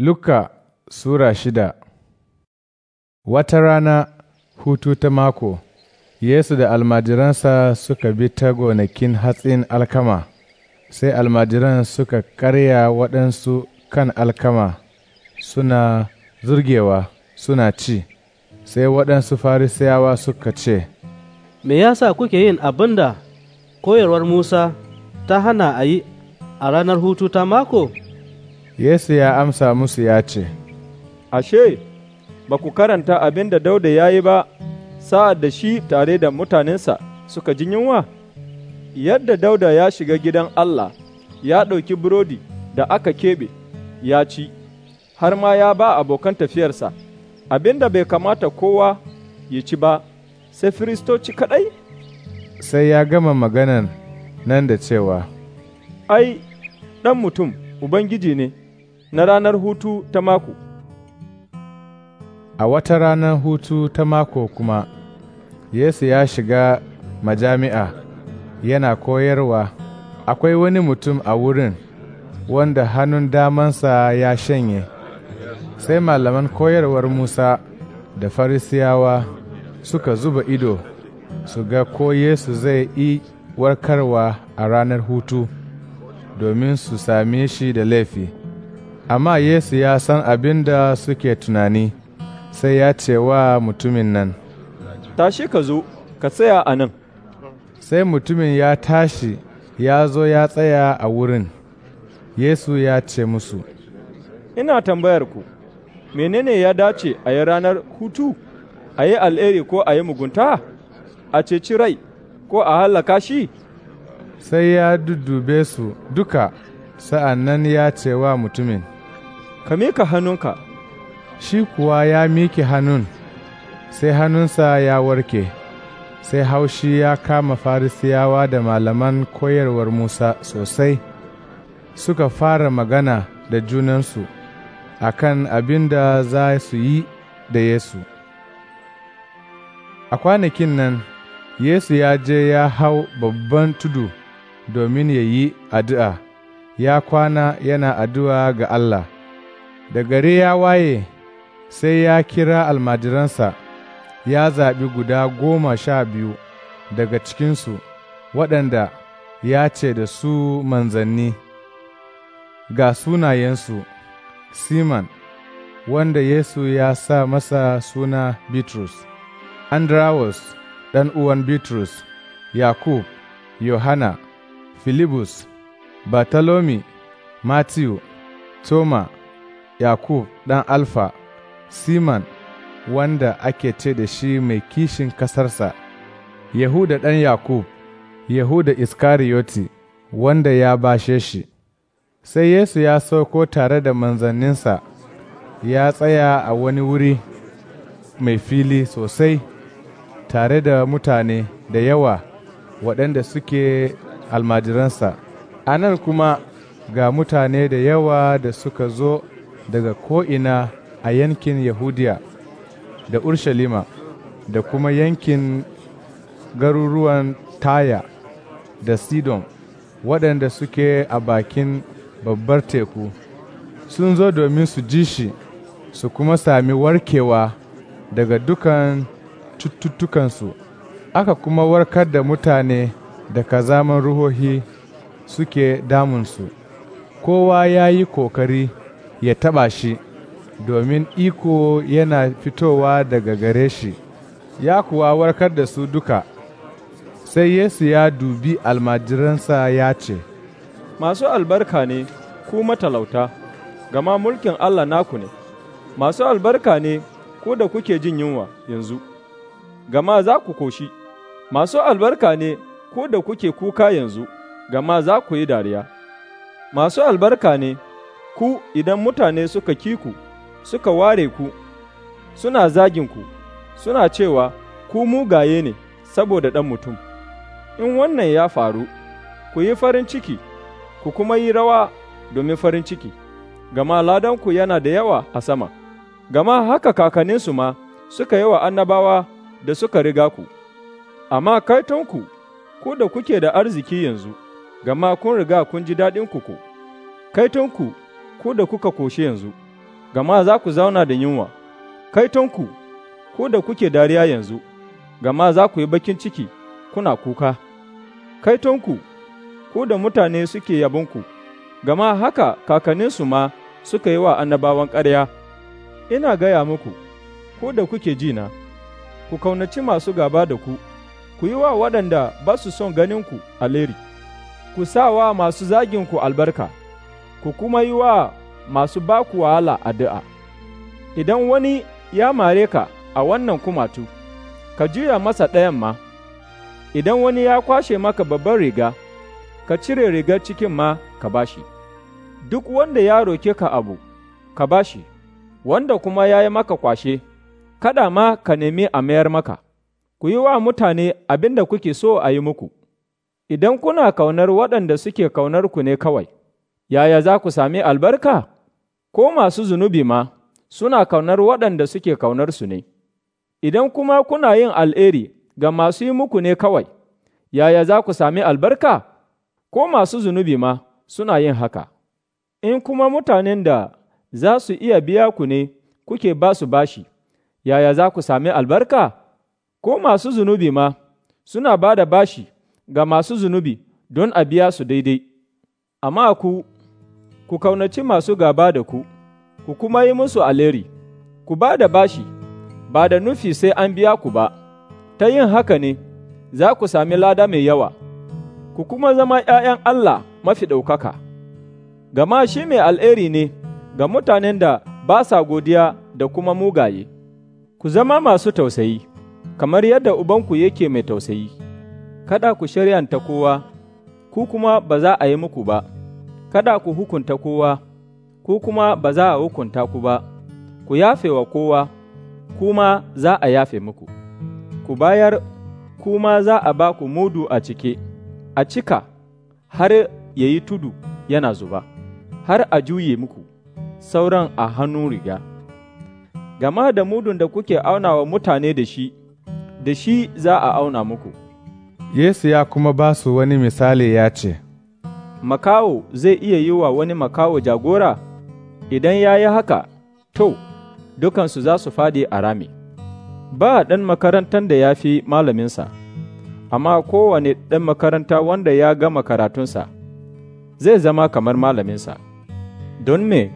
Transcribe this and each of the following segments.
Luka Sura shida Wata rana hutu ta mako, Yesu da almajiransa suka bi ta gonakin hatsin alkama, sai almajiran suka karya waɗansu kan alkama suna zurgewa suna ci, sai waɗansu farisiyawa suka ce, Me ya sa kuke yin abin da koyarwar Musa ta hana a yi a ranar hutu ta mako? Yesu ya amsa musu ya ce, Ashe, ba ku karanta abin da Dauda ya yi ba, sa'ad da shi tare da mutanensa suka jin yunwa? Yadda Dauda ya shiga gidan Allah, ya ɗauki burodi da aka keɓe, ya ci, har ma ya ba abokan tafiyarsa, abin da bai kamata kowa ya ci ba, sai firistoci kaɗai? Sai ya gama maganan nan da cewa, Ai, ɗan mutum, Ubangiji ne. na ranar hutu ta mako. A wata ranar hutu ta mako kuma, Yesu ya shiga majami'a yana koyarwa, akwai wani mutum a wurin wanda hannun damansa ya shanye, sai malaman koyarwar Musa da Farisiyawa suka zuba ido su ga ko Yesu zai yi warkarwa a ranar hutu domin su same shi da laifi. Amma Yesu ya san abin da suke tunani, sai ya ce wa mutumin nan, Tashi ka zo, ka tsaya a nan. Sai mutumin ya tashi ya zo ya tsaya a wurin. Yesu ya ce musu, Ina tambayar ku, menene ya dace a yi ranar hutu, a yi al'eri ko a yi mugunta, a ceci rai ko a hallaka shi? Sai ya dudube su duka, sa'an nan ya ce wa mutumin, ka mika hannunka shi kuwa ya miki hannun sai hannunsa ya warke sai haushi ya kama farisiyawa da malaman koyarwar musa sosai suka fara magana da junansu a kan abin da za su yi da yesu a kwanakin nan yesu ya je ya hau babban tudu domin ya yi addu'a ya kwana yana addu'a ga allah Da gare ya waye sai ya kira almajiransa ya zaɓi guda goma sha biyu daga cikinsu waɗanda ya ce da su manzanni ga sunayensu simon wanda Yesu ya sa masa suna Bitrus, Andrawus ɗan uwan Bitrus, Yakub, Yohana, Filibus, Bartolome, Matthew, Toma, Yakub ɗan Alfa, Siman wanda ake ce da shi mai kishin ƙasarsa, Yahuda ɗan Yakub, Yahuda Iskariyoti wanda ya bashe shi. Sai Yesu ya sauko tare da manzanninsa ya tsaya a wani wuri mai fili sosai tare da mutane da yawa waɗanda suke almajiransa. A nan kuma ga mutane da yawa da suka zo daga ko'ina a yankin Yahudiya da Urshalima da kuma yankin garuruwan Taya da Sidon waɗanda suke a bakin babbar teku sun zo domin su ji shi su kuma sami warkewa daga dukan cututtukansu aka kuma warkar da mutane da kazaman ruhohi suke damunsu kowa ya yi kokari ya taɓa shi, domin iko yana fitowa daga gare shi, ya kuwa warkar da su duka. Sai Yesu ya dubi almajiransa ya ce, Masu albarka ne ku matalauta, gama mulkin Allah naku ne, masu albarka ne ku da kuke jin yunwa yanzu, gama za ku koshi, masu albarka ne ko da kuke kuka yanzu, gama za ku yi dariya, masu albarka ne ku idan mutane suka kiku suka ware ku, suna zaginku, suna cewa ku mugaye ne saboda ɗan mutum. In wannan ya faru, ku yi farin ciki, ku kuma yi rawa domin farin ciki, gama ladanku yana da yawa a sama, gama haka kakanninsu ma suka yi wa annabawa da suka riga ku. Amma kaitonku, ku da kuke da arziki yanzu, gama kun riga kun ji daɗin ku, kaitonku ko da kuka koshe yanzu, gama za ku zauna da yunwa, kaitonku ko da kuke dariya yanzu, gama za ku yi bakin ciki kuna kuka, kaitonku ko da mutane suke yabonku, gama haka kakanninsu ma suka yi wa annabawan ƙarya, ina gaya muku, ko da kuke jina, ku kaunaci masu gaba da ku, ku yi wa waɗanda ba su son ganinku alheri, ku sa wa masu zaginku albarka. ku kuma yi wa masu ba ku wahala addu'a. Idan wani ya mare ka a wannan kumatu, ka juya masa ɗayan ma, idan wani ya kwashe maka babban riga, ka cire rigar cikin ma ka bashi. Duk wanda ya roke ka abu, ka bashi, wanda kuma ya yi maka kwashe, kada ma ka nemi a mayar maka, ku yi wa mutane abin da kuke so a yi muku, idan kuna kaunar waɗanda suke kaunar ku ne kawai. yaya za ku sami albarka? Ko masu zunubi ma suna kaunar waɗanda suke kaunar su ne, idan kuma kuna yin al'eri ga masu yi muku ne kawai, yaya za ku sami albarka? Ko masu zunubi ma suna yin haka, in kuma mutanen da za su iya biya ku ne kuke ba su bashi, yaya za ku sami albarka? Ko masu zunubi ma suna ba da bashi ga masu zunubi don a biya su daidai, amma ku ku kaunaci masu gaba da ku, ku kuma yi musu aleri, ku ba da bashi, ba da nufi sai an biya ku ba, ta yin haka ne za ku sami lada mai yawa, ku kuma zama ’ya'yan Allah mafi ɗaukaka. Gama shi mai al'eri ne ga mutanen da ba sa godiya da kuma mugaye, ku zama masu tausayi, kamar yadda Ubanku yake mai tausayi, kada ku shiryanta kowa, ku kuma ba za a yi muku ba. kada ku hukunta kowa, ku kuma ba za a hukunta ku ba, ku yafe wa kowa, kuma za a yafe muku, ku bayar kuma za a ba ku mudu a cike, a cika har ya yi tudu yana zuba, har a juye muku, sauran a hannun riga. Gama da mudun da kuke auna wa mutane da shi, da shi za a auna muku. Yesu ya kuma ba su wani misali ya ce, makawo zai iya yi wa wani makawo jagora? Idan ya yi haka, to, dukansu za su fadi a rami. Ba ɗan makarantar da ya fi malaminsa, amma kowane ɗan makaranta wanda ya gama karatunsa zai zama kamar malaminsa. Don me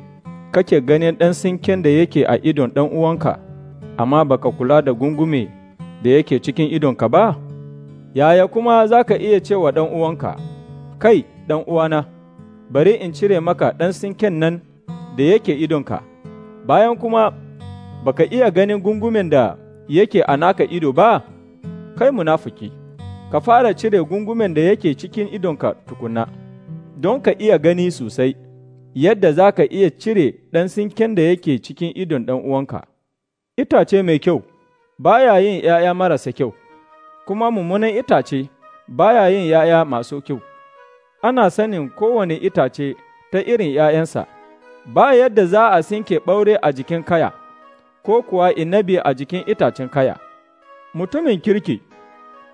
kake ganin ɗan sinken da yake a idon ɗan uwanka, amma baka kula da gungume da yake cikin idonka ba? Yaya kuma za ka iya cewa ɗan uwanka, kai, ɗan uwana, bari in cire maka ɗan sinken nan da yake idonka, bayan kuma baka iya ganin gungumen da yake a naka ido ba, kai munafuki, ka fara cire gungumen da yake cikin idonka tukuna, don ka iya gani sosai, yadda za ka iya cire ɗan sinken da yake cikin idon ɗan uwanka. Itace mai kyau, baya yin ‘ya'ya marasa kyau, kuma mummunan itace, baya yin ‘ya'ya masu kyau. ana sanin kowane itace ta irin ’ya'yansa, ba yadda za a sinke ɓaure a jikin kaya, ko kuwa inabi a jikin itacen kaya. Mutumin kirki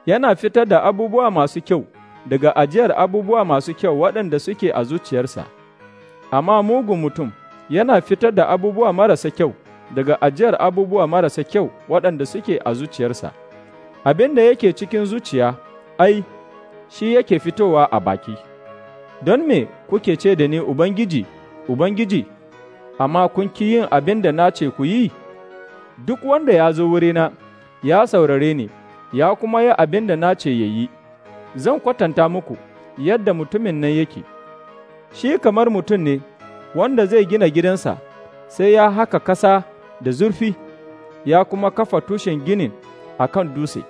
yana fitar da abubuwa masu kyau daga ajiyar abubuwa masu kyau waɗanda suke a zuciyarsa, amma mugun mutum yana fitar da abubuwa marasa kyau daga ajiyar abubuwa marasa kyau waɗanda suke a zuciyarsa. Abin da yake cikin zuciya, ai, shi yake fitowa a baki. don me kuke ce da ni Ubangiji, Ubangiji, amma kun ki yin abin da na ce ku yi? Duk wanda ya zo wurina, ya saurare ni, ya kuma yi abin da na ce ya yi, zan kwatanta muku yadda mutumin nan yake. Shi kamar mutum ne, wanda zai gina gidansa, sai ya haka kasa da zurfi, ya kuma kafa tushen ginin a kan dutse.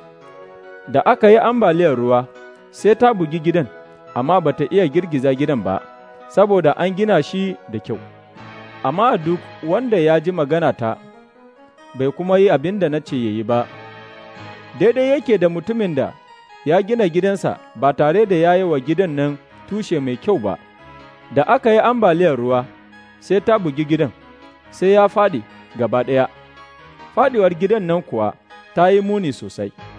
Da aka yi ambaliyar ruwa, sai ta bugi gidan. amma ba ta iya girgiza gidan ba, saboda an gina shi da kyau. Amma duk wanda ya ji magana ta, bai kuma yi abin da na ce ya yi ba, daidai yake da mutumin da ya gina gidansa ba tare da ya yi wa gidan nan tushe mai kyau ba, da aka yi ambaliyar ruwa sai ta bugi gidan, sai ya faɗi gaba ɗaya. Faɗiwar gidan nan kuwa ta yi muni sosai.